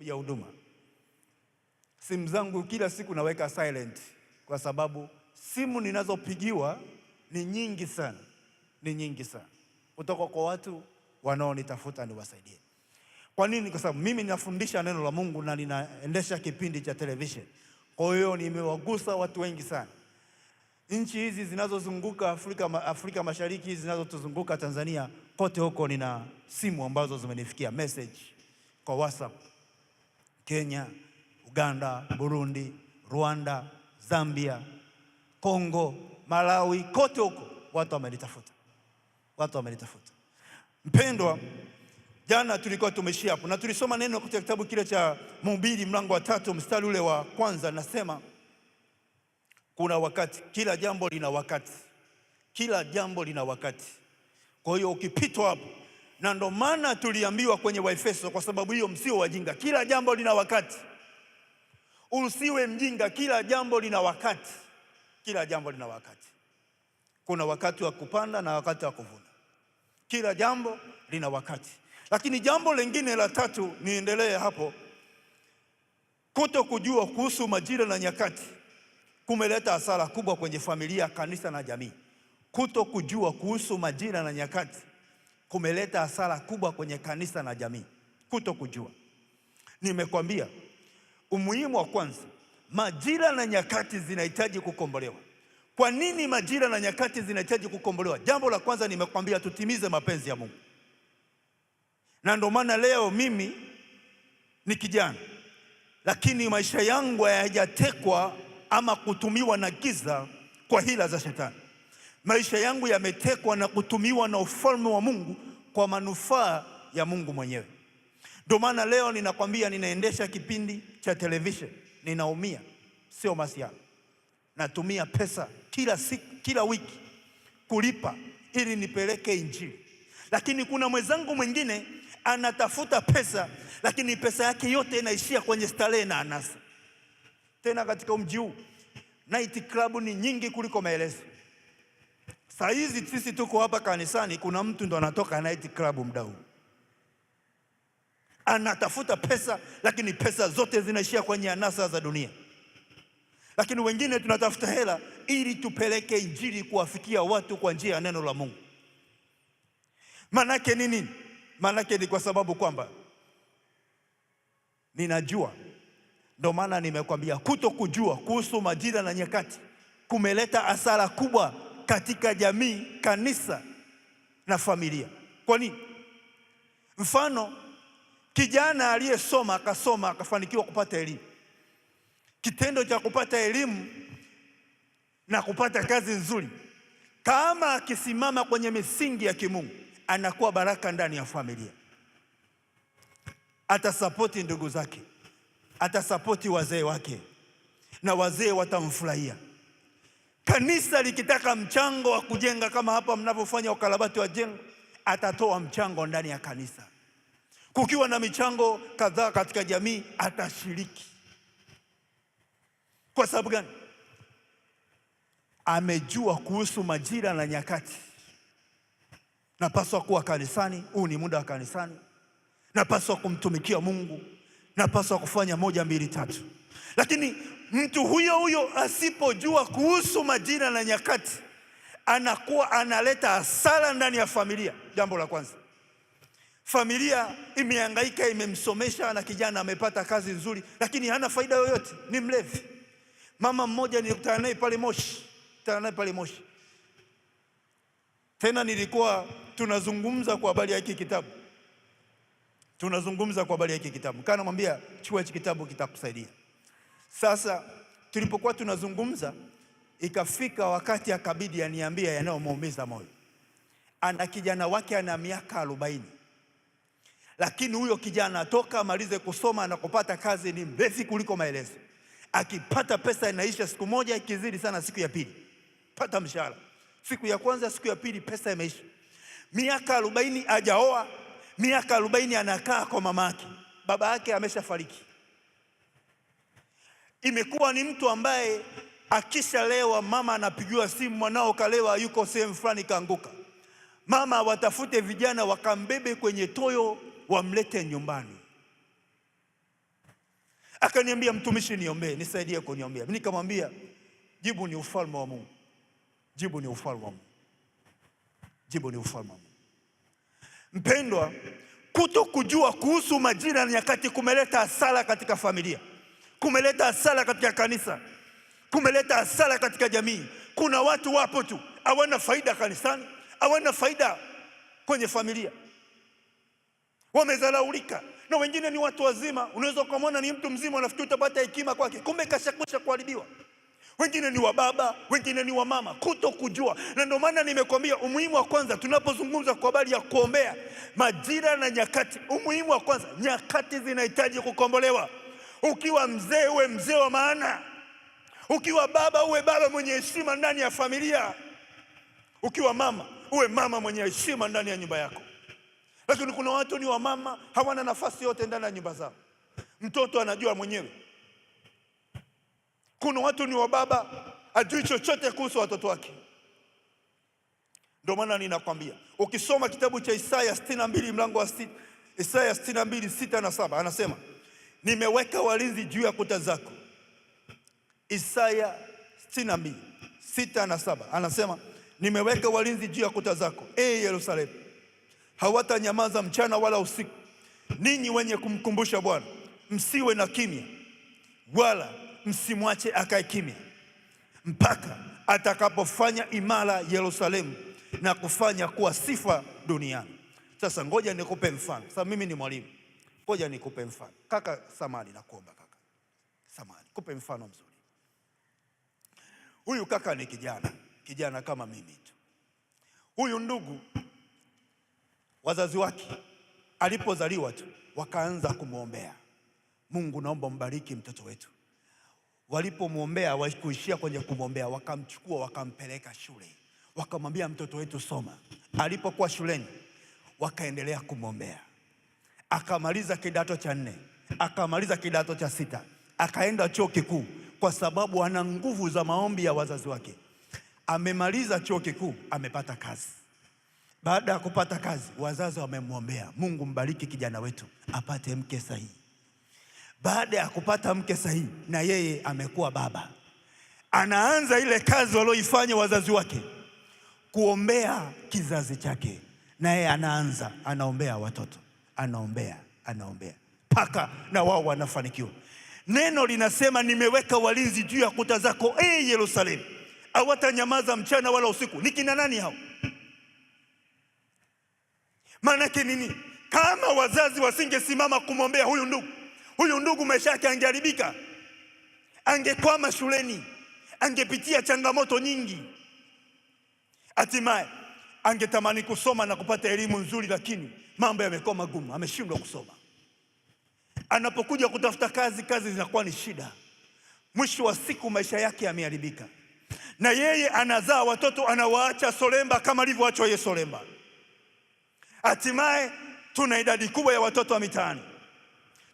ya huduma. Simu zangu kila siku naweka silent, kwa sababu simu ninazopigiwa ni nyingi sana, ni nyingi sana kutoka kwa watu wanaonitafuta niwasaidie. Kwa nini? Kwa sababu mimi ninafundisha neno la Mungu na ninaendesha kipindi cha television, kwa hiyo nimewagusa watu wengi sana. Nchi hizi zinazozunguka Afrika, Afrika Mashariki zinazotuzunguka Tanzania, kote huko nina simu ambazo zimenifikia message kwa WhatsApp Kenya, Uganda, Burundi, Rwanda, Zambia, Kongo, Malawi, kote huko watu wamelitafuta, watu wamelitafuta. Mpendwa, jana tulikuwa tumeishia hapo na tulisoma neno kutoka kitabu kile cha Mhubiri mlango wa tatu mstari ule wa kwanza, nasema kuna wakati, kila jambo lina wakati, kila jambo lina wakati. Kwa hiyo ukipitwa hapo na ndo maana tuliambiwa kwenye Waefeso, kwa sababu hiyo msio wajinga, kila jambo lina wakati. Usiwe mjinga, kila jambo lina wakati, kila jambo lina wakati. Kuna wakati wa kupanda na wakati wa kuvuna, kila jambo lina wakati. Lakini jambo lingine la tatu, niendelee hapo, kuto kujua kuhusu majira na nyakati kumeleta hasara kubwa kwenye familia, kanisa na jamii. Kuto kujua kuhusu majira na nyakati kumeleta hasara kubwa kwenye kanisa na jamii, kuto kujua. Nimekwambia umuhimu wa kwanza, majira na nyakati zinahitaji kukombolewa. Kwa nini majira na nyakati zinahitaji kukombolewa? Jambo la kwanza nimekwambia, tutimize mapenzi ya Mungu, na ndio maana leo mimi ni kijana, lakini maisha yangu hayajatekwa ama kutumiwa na giza kwa hila za shetani maisha yangu yametekwa na kutumiwa na ufalme wa Mungu kwa manufaa ya Mungu mwenyewe. Ndio maana leo ninakwambia, ninaendesha kipindi cha television, ninaumia, sio masiala. Natumia pesa kila siku, kila wiki kulipa ili nipeleke Injili, lakini kuna mwenzangu mwingine anatafuta pesa, lakini pesa yake yote inaishia kwenye starehe na anasa. Tena katika mji huu night club ni nyingi kuliko maelezo. Saa hizi sisi tuko hapa kanisani, kuna mtu ndo anatoka night club muda huu, anatafuta pesa, lakini pesa zote zinaishia kwenye anasa za dunia. Lakini wengine tunatafuta hela ili tupeleke injili kuwafikia watu kwa njia ya neno la Mungu. Maanake ni nini? Maanake ni kwa sababu kwamba ninajua, ndo maana nimekwambia kuto kujua kuhusu majira na nyakati kumeleta hasara kubwa katika jamii, kanisa na familia. Kwa nini? Mfano, kijana aliyesoma akasoma akafanikiwa kupata elimu. Kitendo cha kupata elimu na kupata kazi nzuri, kama akisimama kwenye misingi ya kimungu, anakuwa baraka ndani ya familia. Atasapoti ndugu zake, atasapoti wazee wake, na wazee watamfurahia. Kanisa likitaka mchango wa kujenga kama hapa mnavyofanya ukarabati wa jengo, atatoa mchango ndani ya kanisa. Kukiwa na michango kadhaa katika jamii, atashiriki. Kwa sababu gani? Amejua kuhusu majira na nyakati. Napaswa kuwa kanisani, huu ni muda wa kanisani. Napaswa kumtumikia Mungu, napaswa kufanya moja, mbili, tatu. Lakini Mtu huyo huyo asipojua kuhusu majira na nyakati, anakuwa analeta hasara ndani ya familia. Jambo la kwanza, familia imehangaika, imemsomesha na kijana amepata kazi nzuri, lakini hana faida yoyote, ni mlevi. Mama mmoja nilikutana naye pale Moshi, kutana naye pale Moshi, tena nilikuwa tunazungumza kwa habari ya hiki kitabu, tunazungumza kwa habari ya hiki kitabu, kana namwambia, chukua hiki kitabu, kitakusaidia sasa tulipokuwa tunazungumza, ikafika wakati akabidi aniambia yanayomuumiza moyo. Ana kijana wake ana miaka arobaini, lakini huyo kijana toka amalize kusoma na kupata kazi ni mrefu kuliko maelezo. Akipata pesa inaisha siku moja, ikizidi sana siku ya pili. Pata mshahara siku ya kwanza, siku ya pili pesa imeisha. Miaka arobaini hajaoa, miaka arobaini anakaa kwa mamake, baba yake ameshafariki Imekuwa ni mtu ambaye akishalewa, mama anapigiwa simu, mwanao kalewa, yuko sehemu fulani kaanguka, mama watafute vijana wakambebe kwenye toyo wamlete nyumbani. Akaniambia, mtumishi, niombee, nisaidie kuniombea. Nikamwambia jibu ni ufalme wa Mungu, jibu ni ufalme wa Mungu, jibu ni ufalme wa Mungu. Mpendwa, kuto kujua kuhusu majira na nyakati kumeleta hasara katika familia kumeleta hasara katika kanisa, kumeleta hasara katika jamii. Kuna watu wapo tu hawana faida kanisani, hawana faida kwenye familia, wamezalaulika. Na wengine ni watu wazima, unaweza ukamwona ni mtu mzima, unafikiri utapata hekima kwake, kumbe kashakusha kuharibiwa. Wengine ni wababa, wengine ni wamama, kuto kujua. Na ndio maana nimekwambia umuhimu wa kwanza, tunapozungumza kwa habari ya kuombea majira na nyakati, umuhimu wa kwanza, nyakati zinahitaji kukombolewa. Ukiwa mzee uwe mzee wa maana, ukiwa baba uwe baba mwenye heshima ndani ya familia, ukiwa mama uwe mama mwenye heshima ndani ya nyumba yako. Lakini kuna watu ni wamama, hawana nafasi yote ndani ya nyumba zao, mtoto anajua mwenyewe. Kuna watu ni wababa, ajui chochote kuhusu watoto wake. Ndio maana ninakwambia ukisoma kitabu cha Isaya 62 mlango wa Isaya 62 6 na 7 anasema nimeweka walinzi juu ya kuta zako. Isaya sitini na mbili sita na saba anasema nimeweka walinzi juu ya kuta zako, e Yerusalemu, hawatanyamaza mchana wala usiku. Ninyi wenye kumkumbusha Bwana, msiwe na kimya, wala msimwache akae kimya, mpaka atakapofanya imara Yerusalemu na kufanya kuwa sifa duniani. Sasa ngoja nikupe mfano. Sasa mimi ni mwalimu Ngoja nikupe mfano kaka Samani, nakuomba kaka Samani, kupe mfano mzuri. Huyu kaka ni kijana, kijana kama mimi tu. Huyu ndugu wazazi wake alipozaliwa tu wakaanza kumwombea Mungu, naomba mbariki mtoto wetu. Walipomwombea wakuishia kwenye kumwombea, wakamchukua wakampeleka shule, wakamwambia mtoto wetu soma. Alipokuwa shuleni, wakaendelea kumwombea akamaliza kidato cha nne, akamaliza kidato cha sita, akaenda chuo kikuu, kwa sababu ana nguvu za maombi ya wazazi wake. Amemaliza chuo kikuu, amepata kazi. Baada ya kupata kazi, wazazi wamemwombea, Mungu mbariki kijana wetu apate mke sahihi. Baada ya kupata mke sahihi, na yeye amekuwa baba, anaanza ile kazi walioifanya wazazi wake, kuombea kizazi chake, na yeye anaanza anaombea watoto anaombea, anaombea mpaka na wao wanafanikiwa. Neno linasema nimeweka walinzi juu ya kuta zako, e Yerusalemu, hawatanyamaza mchana wala usiku. Ni kina nani hao? yake nini? Kama wazazi wasingesimama kumwombea huyu ndugu, huyu ndugu maisha yake angeharibika, angekwama shuleni, angepitia changamoto nyingi, hatimaye angetamani kusoma na kupata elimu nzuri, lakini mambo yamekuwa magumu, ameshindwa kusoma. Anapokuja kutafuta kazi, kazi zinakuwa ni shida. Mwisho wa siku maisha yake yameharibika, na yeye anazaa watoto anawaacha solemba kama alivyoachwa yeye solemba. Hatimaye tuna idadi kubwa ya watoto wa mitaani,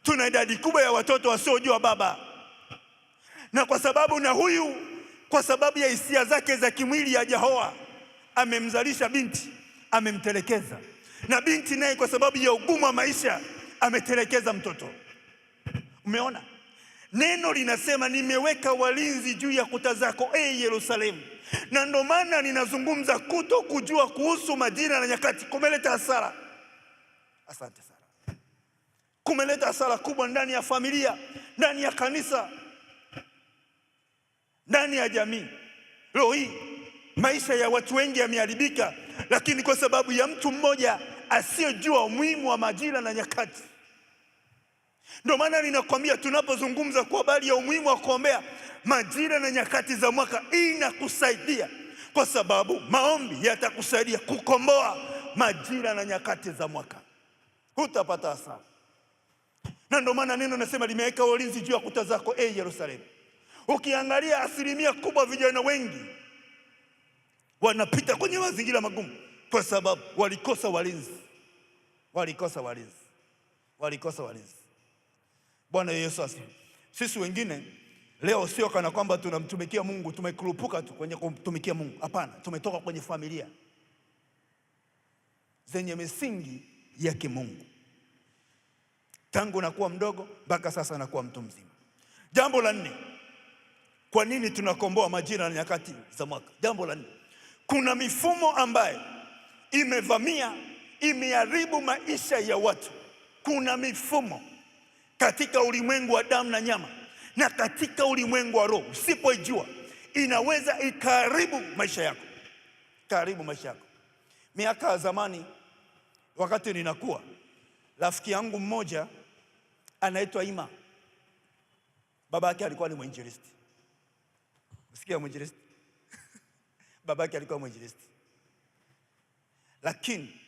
tuna idadi kubwa ya watoto wasiojua baba, na kwa sababu na huyu kwa sababu ya hisia zake za kimwili hajaoa, amemzalisha binti, amemtelekeza na binti naye kwa sababu ya ugumu wa maisha ametelekeza mtoto. Umeona, neno linasema nimeweka walinzi juu ya kuta zako, e Yerusalemu. Na ndo maana ninazungumza kuto kujua kuhusu majira na nyakati kumeleta hasara. Asante sana, kumeleta hasara kubwa ndani ya familia, ndani ya kanisa, ndani ya jamii. Leo hii maisha ya watu wengi yameharibika, lakini kwa sababu ya mtu mmoja asiyejua umuhimu wa majira na nyakati. Ndio maana ninakwambia tunapozungumza kwa habari ya umuhimu wa kuombea majira na nyakati za mwaka, inakusaidia kwa sababu maombi yatakusaidia kukomboa majira na nyakati za mwaka, hutapata hasara. Na ndio maana neno nasema limeweka ulinzi juu ya kuta zako, e Yerusalemu. Ukiangalia asilimia kubwa, vijana wengi wanapita kwenye mazingira magumu kwa sababu walikosa walinzi, walikosa walinzi, walikosa walinzi. Bwana Yesu asifiwe. Sisi wengine leo sio kana kwamba tunamtumikia Mungu, tumekurupuka tu kwenye kumtumikia Mungu. Hapana, tumetoka kwenye familia zenye misingi ya kimungu tangu nakuwa mdogo mpaka sasa nakuwa mtu mzima. Jambo la nne, kwa nini tunakomboa majira na nyakati za mwaka? Jambo la nne, kuna mifumo ambayo imevamia, imeharibu maisha ya watu. Kuna mifumo katika ulimwengu wa damu na nyama na katika ulimwengu wa roho, usipoijua inaweza ikaharibu maisha yako, ikaharibu maisha yako. Miaka ya zamani, wakati ninakuwa, rafiki yangu mmoja anaitwa Ima, baba yake alikuwa ni mwinjilisti. Sikia mwinjilisti, baba yake alikuwa mwinjilisti lakini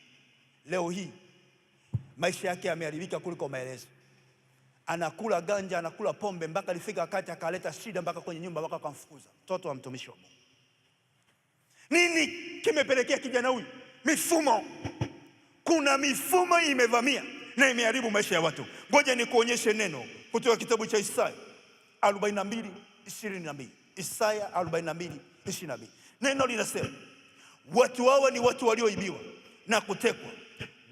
leo hii maisha yake yameharibika kuliko maelezo. Anakula ganja, anakula pombe mpaka alifika wakati akaleta shida mpaka kwenye nyumba, mpaka akamfukuza mtoto wa mtumishi wa Mungu. Nini kimepelekea kijana huyu? Mifumo. Kuna mifumo imevamia na imeharibu maisha ya watu. Ngoja nikuonyeshe neno kutoka kitabu cha Isaya 42:22. Isaya 42:22. Neno linasema Watu hawa ni watu walioibiwa na kutekwa,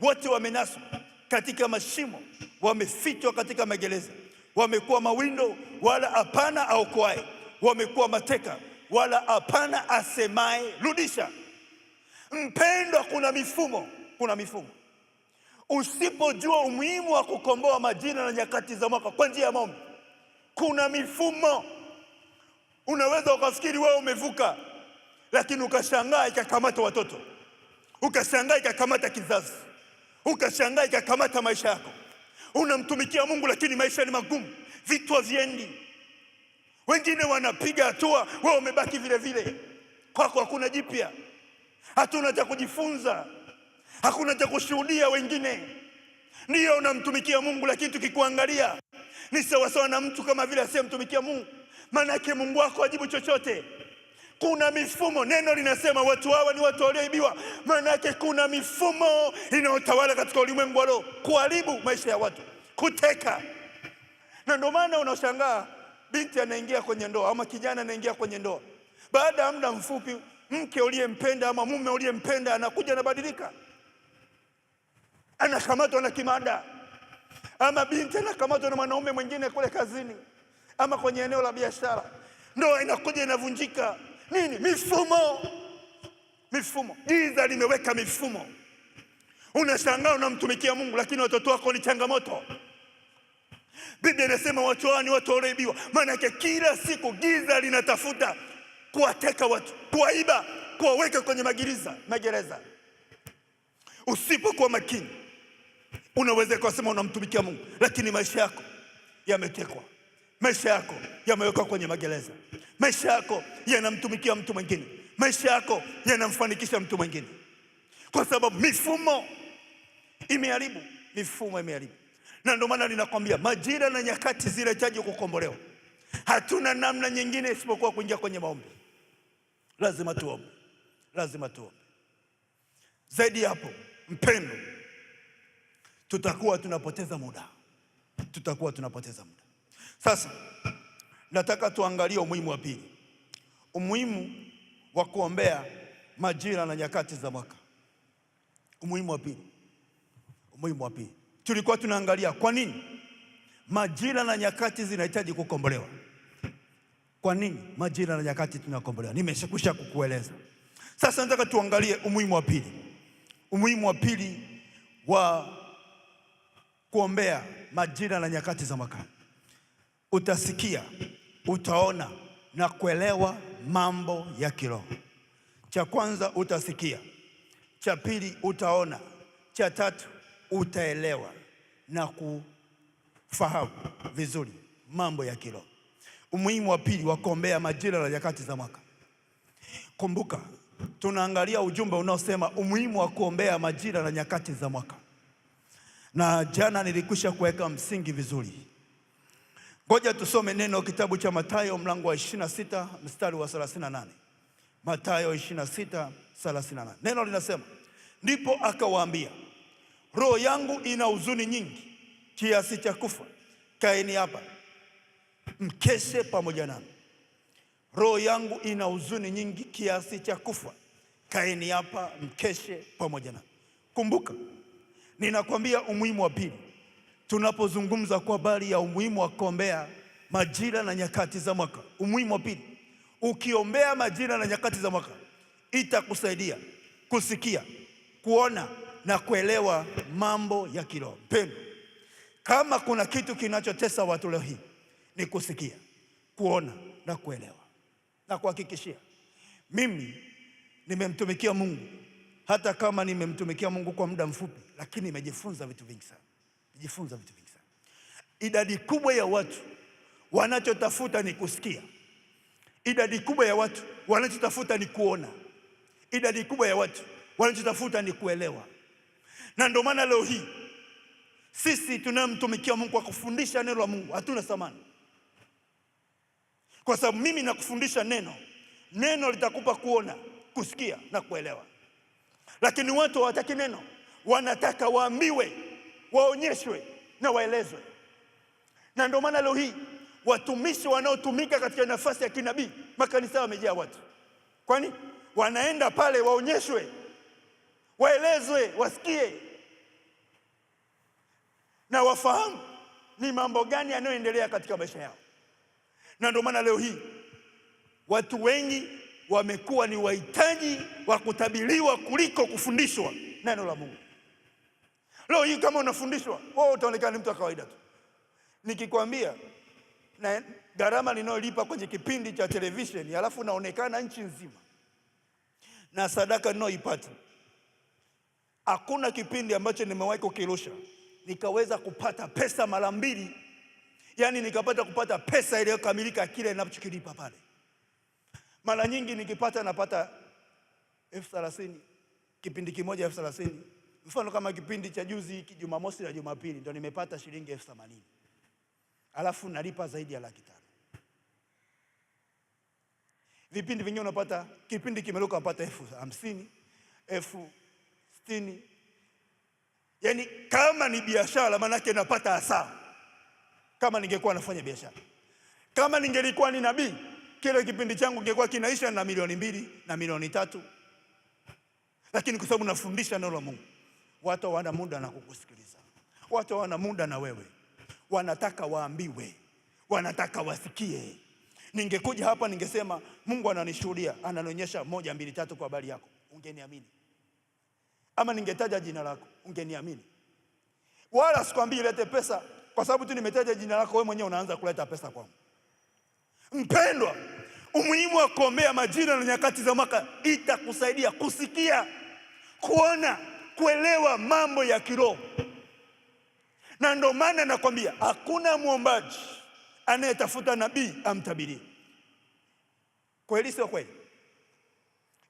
wote wamenaswa katika mashimo, wamefichwa katika magereza, wamekuwa mawindo, wala hapana aokoaye, wamekuwa mateka, wala hapana asemaye rudisha. Mpendwa, kuna mifumo, kuna mifumo. Usipojua umuhimu wa kukomboa majina na nyakati za mwaka kwa njia ya maombi, kuna mifumo. Unaweza ukafikiri wewe umevuka lakini ukashangaa ikakamata watoto, ukashangaa ikakamata kizazi, ukashangaa ikakamata maisha yako. Unamtumikia Mungu lakini maisha ni magumu, vitu haviendi, wengine wanapiga hatua, wewe umebaki vile vile, kwako hakuna jipya, hatuna cha kujifunza, hakuna cha kushuhudia wengine. Ndiyo unamtumikia Mungu lakini tukikuangalia ni sawasawa na mtu kama vile asiyemtumikia Mungu. Maanake Mungu wako ajibu chochote kuna mifumo. Neno linasema watu hawa ni watu walioibiwa. Maana yake kuna mifumo inayotawala katika ulimwengu wa roho kuharibu maisha ya watu, kuteka. Na ndio maana unashangaa binti anaingia kwenye ndoa ama kijana anaingia kwenye ndoa, baada ya muda mfupi mke uliyempenda ama mume uliyempenda anakuja anabadilika, anakamatwa na kimada, ama binti anakamatwa na mwanaume mwingine kule kazini ama kwenye eneo la biashara. Ndoa inakuja inavunjika nini, mifumo, mifumo. Giza limeweka mifumo. Unashangaa unamtumikia Mungu, lakini watoto wako ni changamoto. Biblia inasema watu hawa ni watu walioibiwa. Maana yake kila siku giza linatafuta kuwateka watu, kuwaiba, kuwaweka kwenye magereza, magereza. Usipokuwa makini, unaweza kusema unamtumikia Mungu, lakini maisha yako yametekwa. Maisha yako yamewekwa kwenye magereza, maisha yako yanamtumikia mtu mwingine, maisha yako yanamfanikisha mtu mwingine, kwa sababu mifumo imeharibu, mifumo imeharibu. Na ndio maana ninakwambia majira na nyakati zinahitaji kukombolewa. Hatuna namna nyingine isipokuwa kuingia kwenye maombi. Lazima tuombe, lazima tuombe. Zaidi ya hapo, mpendo, tutakuwa tunapoteza muda, tutakuwa tunapoteza muda. Sasa nataka tuangalie umuhimu wa pili, umuhimu wa kuombea majira na nyakati za mwaka. Umuhimu wa pili, umuhimu wa pili, tulikuwa tunaangalia kwa nini majira na nyakati zinahitaji kukombolewa. Kwa nini majira na nyakati tunakombolewa? Nimeshakusha kukueleza. Sasa nataka tuangalie umuhimu wa pili, umuhimu wa pili wa kuombea majira na nyakati za mwaka utasikia, utaona na kuelewa mambo ya kiroho. Cha kwanza utasikia, cha pili utaona, cha tatu utaelewa na kufahamu vizuri mambo ya kiroho. Umuhimu wa pili wa kuombea majira na nyakati za mwaka. Kumbuka tunaangalia ujumbe unaosema umuhimu wa kuombea majira na nyakati za mwaka, na jana nilikwisha kuweka msingi vizuri Ngoja tusome neno kitabu cha Mathayo mlango wa 26 mstari wa 38. Mathayo 26 38. Neno linasema, ndipo akawaambia, roho yangu ina huzuni nyingi kiasi cha kufa, kaeni hapa mkeshe pamoja nami. Roho yangu ina huzuni nyingi kiasi cha kufa, kaeni hapa mkeshe pamoja nami. Kumbuka, ninakwambia umuhimu wa pili tunapozungumza kwa habari ya umuhimu wa kuombea majira na nyakati za mwaka. Umuhimu wa pili, ukiombea majira na nyakati za mwaka itakusaidia kusikia, kuona na kuelewa mambo ya kiroho. Mpendwa, kama kuna kitu kinachotesa watu leo hii ni kusikia, kuona na kuelewa. Na kuhakikishia mimi nimemtumikia Mungu, hata kama nimemtumikia Mungu kwa muda mfupi, lakini nimejifunza vitu vingi sana. Jifunza vitu vingi sana. Idadi kubwa ya watu wanachotafuta ni kusikia. Idadi kubwa ya watu wanachotafuta ni kuona. Idadi kubwa ya watu wanachotafuta ni kuelewa, na ndio maana leo hii sisi tunayemtumikia Mungu akufundisha neno la Mungu hatuna thamani, kwa sababu mimi nakufundisha neno, neno litakupa kuona, kusikia na kuelewa, lakini watu hawataki neno, wanataka waambiwe waonyeshwe na waelezwe. Na ndio maana leo hii watumishi wanaotumika katika nafasi ya kinabii makanisa wamejaa watu, kwani wanaenda pale waonyeshwe, waelezwe, wasikie na wafahamu ni mambo gani yanayoendelea katika maisha yao. Na ndio maana leo hii watu wengi wamekuwa ni wahitaji wa kutabiriwa kuliko kufundishwa neno la Mungu. Leo hii kama unafundishwa wewe, utaonekana ni mtu wa kawaida tu. Nikikwambia na gharama ninayolipa kwenye kipindi cha televisheni, alafu naonekana nchi nzima na sadaka ninayoipata, hakuna kipindi ambacho nimewahi kukirusha nikaweza kupata pesa mara mbili, yaani nikapata kupata pesa iliyokamilika kile ninachokilipa pale. Mara nyingi nikipata napata elfu thelathini kipindi kimoja elfu thelathini Mfano kama kipindi cha juzi Jumamosi na Jumapili ndo nimepata shilingi elfu themanini alafu nalipa zaidi ya laki tano. Vipindi vingine unapata kipindi kimeruka unapata elfu hamsini elfu sitini Yaani kama ni biashara, maanake napata hasara. Kama ningekuwa nafanya biashara, kama ningelikuwa ni nabii, kile kipindi changu kingekuwa kinaisha na milioni mbili na milioni tatu, lakini kwa sababu nafundisha neno la Mungu Watu hawana muda na kukusikiliza, watu hawana muda na wewe, wanataka waambiwe, wanataka wasikie. Ningekuja hapa ningesema Mungu ananishuhudia, ananionyesha moja, mbili, tatu kwa habari yako, ungeniamini. Ama ningetaja jina lako, ungeniamini. Wala sikwambii lete pesa, kwa sababu tu nimetaja jina lako, wewe mwenyewe unaanza kuleta pesa kwangu. Mpendwa, umuhimu wa kuombea majira na nyakati za mwaka itakusaidia kusikia, kuona kuelewa mambo ya kiroho, na ndio maana nakwambia hakuna mwombaji anayetafuta nabii amtabirie. Kweli sio kweli?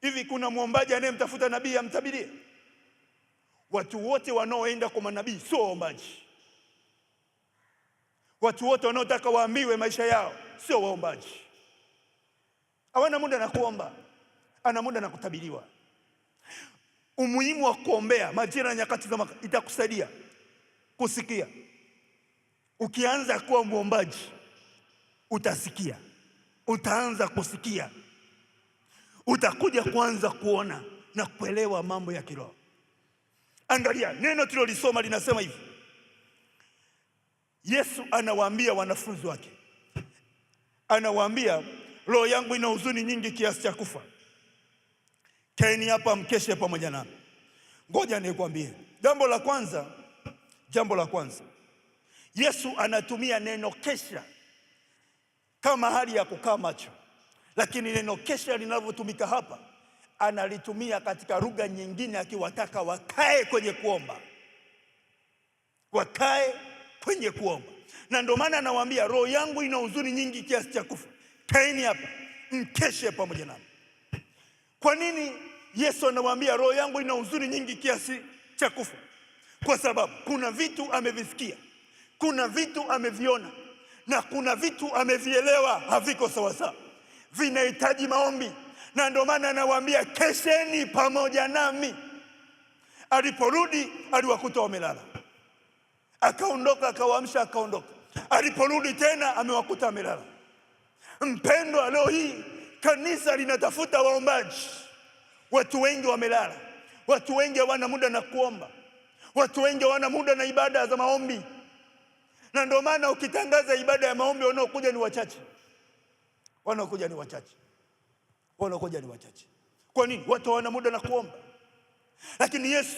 Hivi kuna mwombaji anayemtafuta nabii amtabirie? Watu wote wanaoenda kwa manabii sio waombaji. Watu wote wanaotaka waambiwe maisha yao sio waombaji. Hawana muda na kuomba, ana muda na kutabiriwa umuhimu wa kuombea majira na nyakati za itakusaidia kusikia. Ukianza kuwa mwombaji, utasikia, utaanza kusikia, utakuja kuanza kuona na kuelewa mambo ya kiroho. Angalia neno tulilolisoma linasema hivi, Yesu anawaambia wanafunzi wake, anawaambia roho yangu ina huzuni nyingi kiasi cha kufa Kaeni hapa mkeshe pamoja nami. Ngoja nikuambie jambo la kwanza. Jambo la kwanza, Yesu anatumia neno kesha kama hali ya kukaa macho, lakini neno kesha linavyotumika hapa analitumia katika lugha nyingine, akiwataka wakae kwenye kuomba, wakae kwenye kuomba. Na ndio maana anawaambia, roho yangu ina huzuni nyingi kiasi cha kufa, kaeni hapa mkeshe pamoja nami. Kwa nini Yesu anawaambia roho yangu ina huzuni nyingi kiasi cha kufa? Kwa sababu kuna vitu amevisikia, kuna vitu ameviona na kuna vitu amevielewa, haviko sawasawa, vinahitaji maombi, na ndio maana anawaambia kesheni pamoja nami. Aliporudi aliwakuta wamelala, akaondoka, akawaamsha, akaondoka. Aliporudi tena amewakuta wamelala. Mpendwa, leo hii Kanisa linatafuta waombaji. Watu wengi wamelala, watu wengi hawana muda na kuomba, watu wengi hawana muda na ibada za maombi, na ndio maana ukitangaza ibada ya maombi wanaokuja ni wachache, wanaokuja ni wachache, wanaokuja ni wachache. Kwa nini? Watu hawana muda na kuomba. Lakini Yesu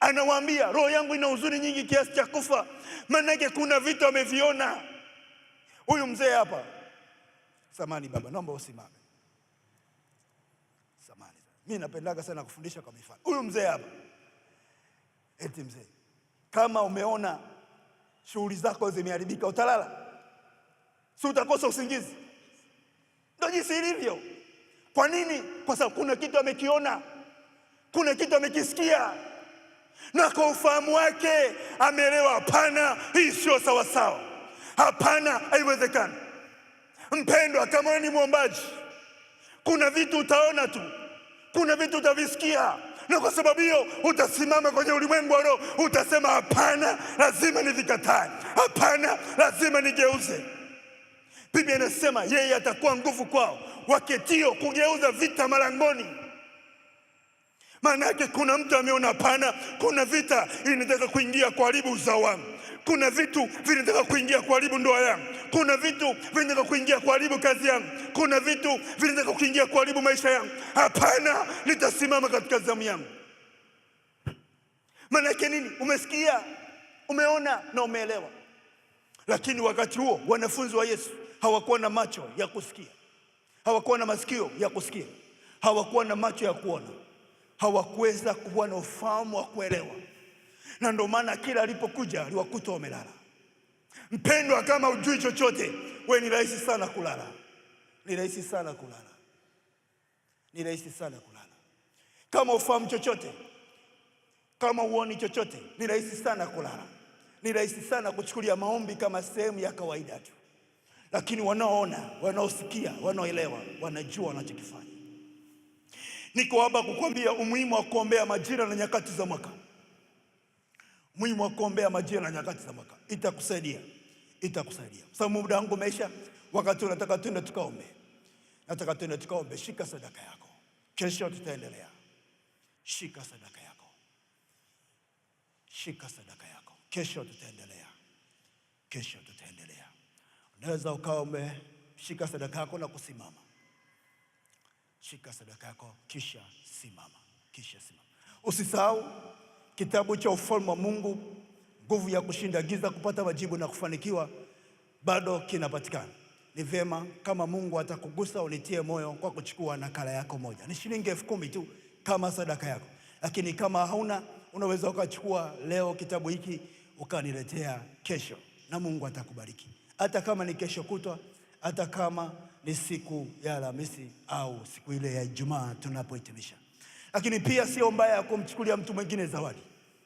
anawaambia, roho yangu ina huzuni nyingi kiasi cha kufa. Maana kuna vitu ameviona huyu mzee hapa Samani baba, naomba usimame. Samani. Mimi napendaga sana kufundisha kwa mifano. Huyu mzee hapa, eti mzee, kama umeona shughuli zako zimeharibika, utalala si utakosa usingizi? Ndio jinsi ilivyo. Kwa nini? Kwa sababu kuna kitu amekiona, kuna kitu amekisikia, na kwa ufahamu wake ameelewa, hapana, hii sio sawasawa, hapana, haiwezekani. Mpendwa, kama wewe ni mwombaji, kuna vitu utaona tu, kuna vitu utavisikia, na kwa sababu hiyo utasimama kwenye ulimwengu wa roho, utasema hapana, lazima nivikatae, hapana, lazima nigeuze. Biblia inasema yeye atakuwa nguvu kwao waketio kugeuza vita malangoni. Maana yake kuna mtu ameona hapana, kuna vita inataka kuingia kuharibu uzao wangu kuna vitu vinataka kuingia kuharibu ndoa yangu, kuna vitu vinataka kuingia kuharibu kazi yangu, kuna vitu vinataka kuingia kuharibu maisha yangu. Hapana, nitasimama katika zamu yangu. Maana yake nini? Umesikia, umeona na umeelewa. Lakini wakati huo wanafunzi wa Yesu hawakuwa na macho ya kusikia, hawakuwa na masikio ya kusikia, hawakuwa na macho ya kuona, hawakuweza kuwa na ufahamu wa kuelewa na ndio maana kila alipokuja aliwakuta wamelala. Mpendwa, kama ujui chochote, we ni rahisi sana kulala, ni rahisi sana kulala, ni rahisi sana kulala. Kama ufahamu chochote, kama uoni chochote, ni rahisi sana kulala, ni rahisi sana kuchukulia maombi kama sehemu ya kawaida tu. Lakini wanaoona, wanaosikia, wanaoelewa, wanajua wanachokifanya. Niko hapa kukwambia umuhimu wa kuombea majira na nyakati za mwaka. Mwinyi wa kuombea majira na nyakati za mwaka. Itakusaidia, itakusaidia kwa sababu muda wangu umeisha. Wakati unataka tuende tukaombe, nataka tuende tukaombe. Shika sadaka yako, kesho tutaendelea. Shika sadaka yako, shika sadaka yako, kesho tutaendelea, kesho tutaendelea. Unaweza ukawa umeshika sadaka yako na kusimama. Shika sadaka yako, kisha simama, kisha simama. Usisahau kitabu cha Ufalme wa Mungu, nguvu ya kushinda giza, kupata majibu na kufanikiwa, bado kinapatikana. Ni vyema kama Mungu atakugusa, unitie moyo kwa kuchukua nakala yako moja. Ni shilingi elfu kumi tu kama sadaka yako, lakini kama hauna unaweza ukachukua leo kitabu hiki ukaniletea kesho, na Mungu atakubariki, hata kama ni kesho kutwa, hata kama ni siku ya Alhamisi au siku ile ya Ijumaa tunapohitimisha. Lakini pia sio mbaya ya kumchukulia mtu mwingine zawadi.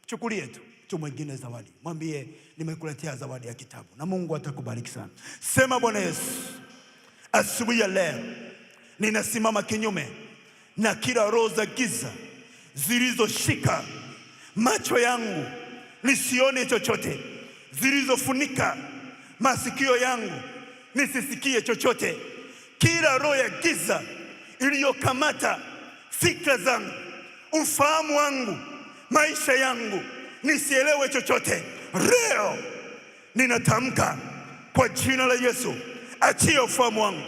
Chukulie tu mtu mwingine zawadi, mwambie nimekuletea zawadi ya kitabu, na Mungu atakubariki sana. Sema, Bwana Yesu, asubuhi ya leo ninasimama kinyume na kila roho za giza zilizoshika macho yangu nisione chochote, zilizofunika masikio yangu nisisikie chochote, kila roho ya giza iliyokamata fikra zangu, ufahamu wangu, maisha yangu, nisielewe chochote. Leo ninatamka kwa jina la Yesu, achia ufahamu wangu,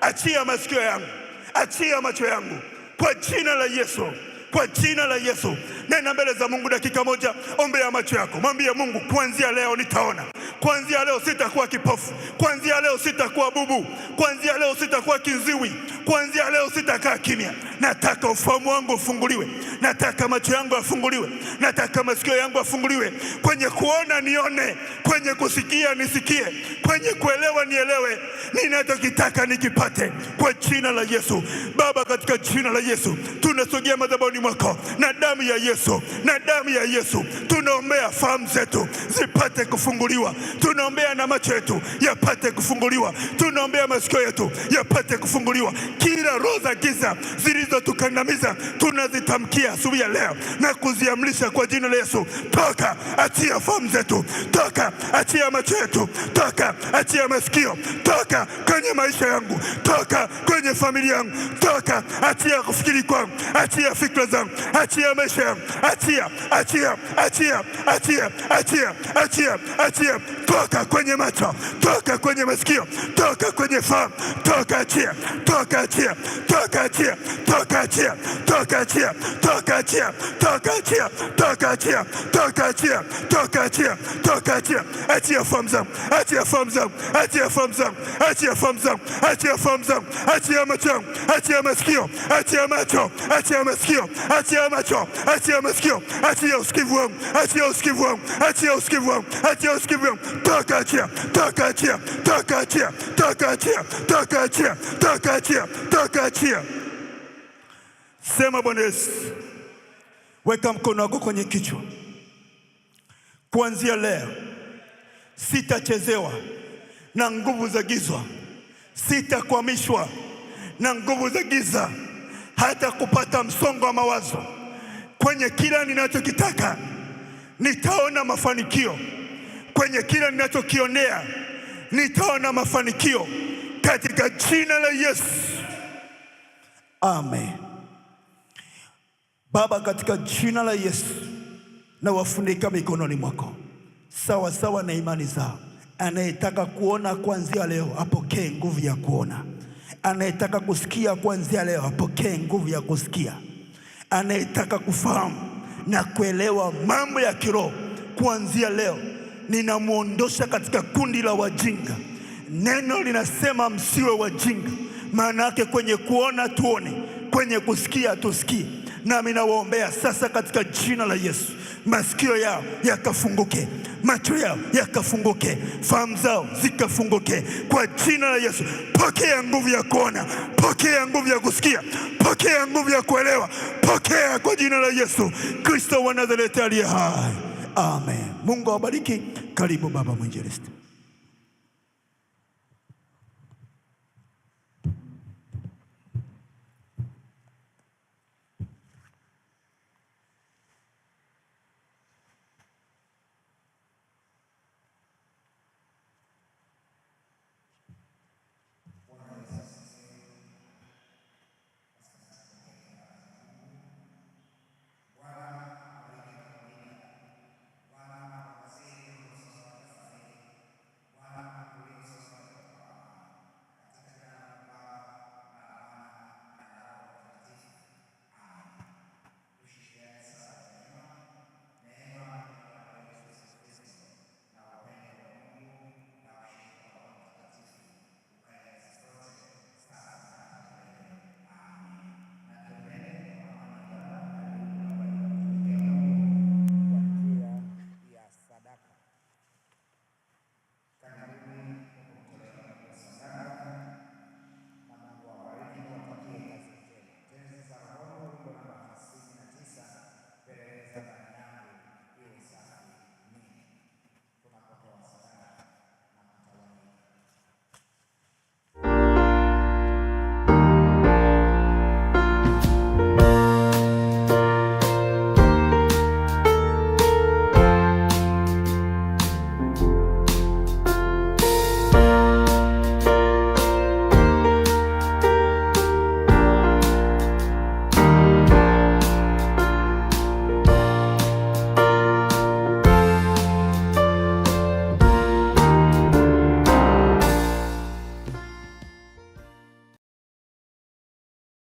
achia masikio yangu, achia macho yangu, kwa jina la Yesu, kwa jina la Yesu nena mbele za Mungu dakika moja, ombea macho yako, mwambie Mungu, kuanzia leo nitaona, kuanzia leo sitakuwa kipofu, kuanzia leo sitakuwa bubu, kuanzia leo sitakuwa kinziwi, kuanzia leo sitakaa kimya. Nataka ufahamu wangu ufunguliwe, nataka macho yangu yafunguliwe, nataka masikio yangu yafunguliwe, kwenye kuona nione kwenye kusikia nisikie, kwenye kuelewa nielewe, ninachokitaka nikipate, kwa jina la Yesu. Baba, katika jina la Yesu tunasogea madhabahuni mwako na damu ya Yesu, na damu ya Yesu tunaombea fahamu zetu zipate kufunguliwa, tunaombea na macho yetu yapate kufunguliwa, tunaombea masikio yetu yapate kufunguliwa. Kila roho za giza zilizotukandamiza tunazitamkia asubuhi ya leo na kuziamrisha kwa jina la Yesu, toka, achia fahamu zetu, toka achia macho yetu, toka, achia masikio, toka kwenye maisha yangu, toka kwenye familia yangu, toka, achia kufikiri kwangu, achia fikra zangu, achia maisha yangu, achia, achia, achia, achia, achia, achia, achia, toka kwenye macho, toka kwenye masikio, toka kwenye fahamu, toka, achia, toka, achia, toka, achia, toka, achia, toka, achia, toka, achia, toka, achia, toka, achia, toka, achia, toka, achia, toka, achia achia thumbs up, achia thumbs up, achia thumbs up, thumbs up, thumbs up, macho, masikio, achia macho, achia masikio, achia macho, achia masikio, achia usikivu wangu, Sema Bwana Yesu, weka mkono wako kwenye kichwa kuanzia leo sitachezewa na nguvu za giza, sitakwamishwa na nguvu za giza, hata kupata msongo wa mawazo. Kwenye kila ninachokitaka nitaona mafanikio, kwenye kila ninachokionea nitaona mafanikio, katika jina la Yesu, amen. Baba, katika jina la Yesu nawafunika mikononi mwako sawa sawa na imani zao. Anayetaka kuona kuanzia leo apokee nguvu ya kuona. Anayetaka kusikia kuanzia leo apokee nguvu ya kusikia. Anayetaka kufahamu na kuelewa mambo ya kiroho kuanzia leo, ninamwondosha katika kundi la wajinga. Neno linasema msiwe wajinga, maana yake kwenye kuona tuone, kwenye kusikia tusikie nami nawaombea sasa katika jina la Yesu, masikio yao yakafunguke, macho yao yakafunguke, fahamu zao zikafunguke kwa jina la Yesu. Pokea nguvu ya kuona, pokea nguvu ya kusikia, pokea nguvu ya kuelewa, pokea kwa jina la Yesu Kristo wa Nazareti aliye hai, amen. Mungu awabariki. Karibu baba mwinjilisti.